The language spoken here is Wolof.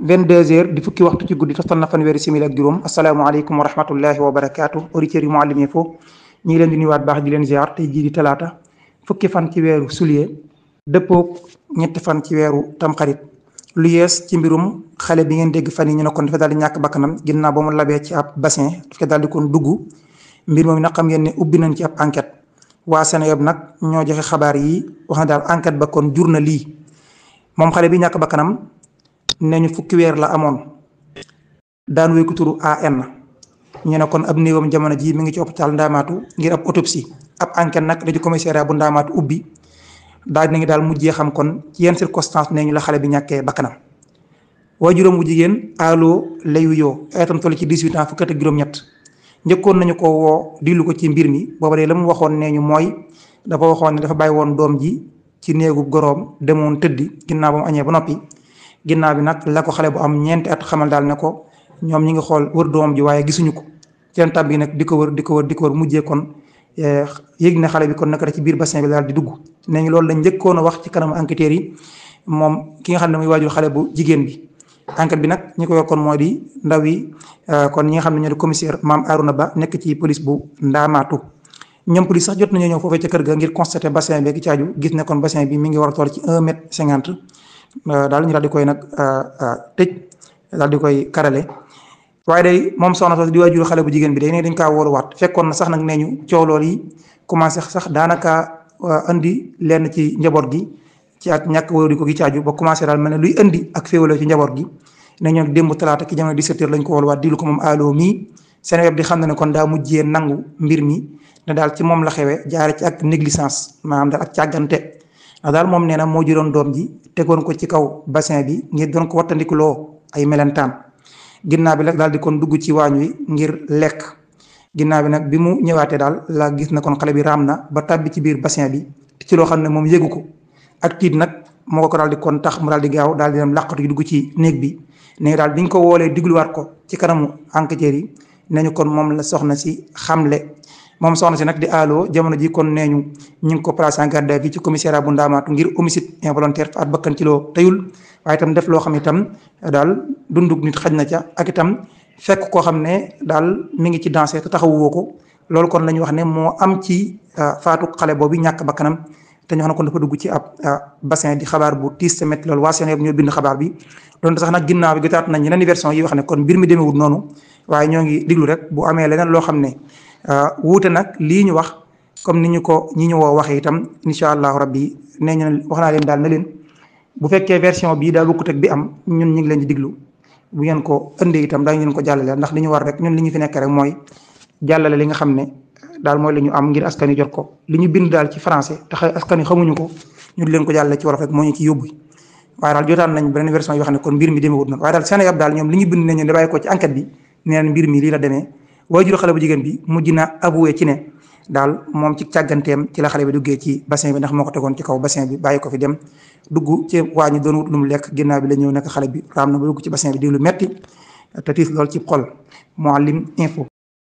22 heures di fukki waxtu ci guddi toftal na fanweeri simili ak juróom asalaamaaleykum wa rahmatullahi wa barakaatu auditeurs yu Mouhalim Info ñi ngi leen di nuyuwaat baax di leen ziar tey jii talaata fukki fan ci weeru sulier dëppoog ñetti fan ci weeru tamxarit lu yees ci mbirum xale bi ngeen dégg fan yi ñu ne kon dafa daal di ñàkk bakkanam ginnaaw ba mu labee ci ab bassin dafa daal kon dugg mbir moom nag xam ngeen ne ubbi nañ ci ab enquête waa Sénégal nag ñoo joxe xabaar yi wax daal enquête ba kon jur na lii moom xale bi ñàkk bakkanam ñu fukki weer la amoon daan wékku turu AN ñu ne kon ab néewam jamono ji mi ngi ci hôpital Ndaamaatu ngir ab autopsie ab enquête nag dañu commissariat bu Ndaamaatu ubbi daal nañu daal mujjee xam kon ci yenn circonstance nee ñu la xale bi ñàkkee bakkanam waajuram bu jigéen alo lay wuyoo itam toll ci 18 ans fukki at ak juróom-ñett njëkkoon nañu ko woo dilu ko ci mbir mi booba de la mu waxoon nee ñu mooy dafa waxoon ne dafa bàyyi woon doom ji ci néegu goroom demoon tëddi ginnaaw ba mu añee ba noppi. ginnaaw bi nag la ko xale bu am ñeenti at xamal daal ne ko ñoom ñi ngi xool wër doom ji waaye gisuñu ko ci leen tàbbi nag di ko wër di ko wër di ko wër mujjee kon eh, yëg na xale bi kon naka da ci biir bassin bi daal di dugg nee ñu loolu la njëkkoon a wax ci kanam enquêteurs yi moom ki nga xam ne muy waajur xale bu jigéen bi enquête bi nag ñi ko yor kon moo di ndaw yi eh, kon ñi nga xam ne ñoo di commissaire maam Arouna Ba nekk ci police bu Ndaamaatu ñoom police sax jot nañoo ngir constater bassin bi ak caaju gis ne kon bi mi ngi war a toll ci un mètre Euh, daal ñu daal koy nag euh, euh, tëj daal di koy karale waaye day moom soxna soos di waajur xale bu jigéen bi day ne dañ kaa wóoruwaat fekkoon na sax nag nee ñu coow lool yi commencé sax daanaka andi lenn ci njaboot gi ci ak ñàkk wóor di ko gi ba commencé daal mel na luy indi ak féewaloo ci njaboot gi ne ñoo démb talaata ki jamono di h lañ ko wóoruwaat dilu ko moom allo mii seen web di xam ne ne kon daa mujjee nangu mbir mi ne daal ci moom la xewee jaare ci ak négligence maanaam daal ak càggante daal moom nee na moo juróon doom ji tegoon ko ci kaw bassin bi ngir doon ko wattandikuloo ay melentaan ginnaaw bi nag daal di kon dugg ci waañ wi ngir lekk ginnaaw bi nag bi mu ñëwaatee daal la gis na kon xale bi raam na ba tàbbi ci biir bassin bi ci loo xam ne moom yëgu ko ak tiit nag moo ko daldi kon tax mu daal di gaaw daal di dem yi dugg ci néeg bi ne daal bi nga ko woolee digluwaat ko ci kanamu enquêteurs yi nañu kon moom la soxna si xamle moom soxna si nag di allo jamono ji kon nee ñu ñu ngi ko placé en garde à vue ci commissariat bu Ndaamaatu ngir homicide involontaire faat bakkan ci loo teyul waaye tam def loo xam itam daal dundug nit xaj na ca ak itam fekk koo xam ne daal mi ngi ci dansé te taxawoo ko loolu kon la ñu wax ne moo am ci euh, faatu xale boobu ñàkk bakkanam te ñu xam ne kon dugg ci ab euh, bassin di xabaar bu tiis te métti loolu waa Sénégal ñoo bind xabaar bi doon sax nag ginnaaw bi jotaat nañ ñeneen version yi wax ne kon mbir mi demeewul noonu waaye ñoo ngi diglu rek bu amee leneen loo xam ne Euh, wuute nag lii ñu wax comme ni ñu ko ñi ñu woo waxee itam incha allahu rabbi nee ñu wax naa leen daal na leen bu fekkee version bii daa bokkut ak bi am ñun ñu ngi leen di diglu bu ko ëndee itam daañu leen ko jàllale ndax li ñu war rek ñun li ñu fi nekk rek mooy jàllale li nga xam ne daal mooy la ñu am ngir askan jot ko li ñu bind daal ci français tax askan wi xamuñu ko ñu leen ko jàllale ci wolof rek moo ñu ci yóbbu waaye daal jotaan nañ beneen version yoo xam ne kon mbir mi demewut noonu waaye daal Sénégal daal ñoom li ñu bind ne ñun da la demee waajur xale bu jigéen bi mujj na avoué ci ne daal moom ci càgganteem ci la xale bi duggee ci bassin bi ndax moo ko tegoon ci kaw bassin bi bàyyi ko fi dem dugg ci waa ñu doon wut lu mu lekk ginnaaw bi la ñëw nekk xale bi raam na ba dugg ci bassin bi di lu metti te tiis lool ci xol Mouhalim info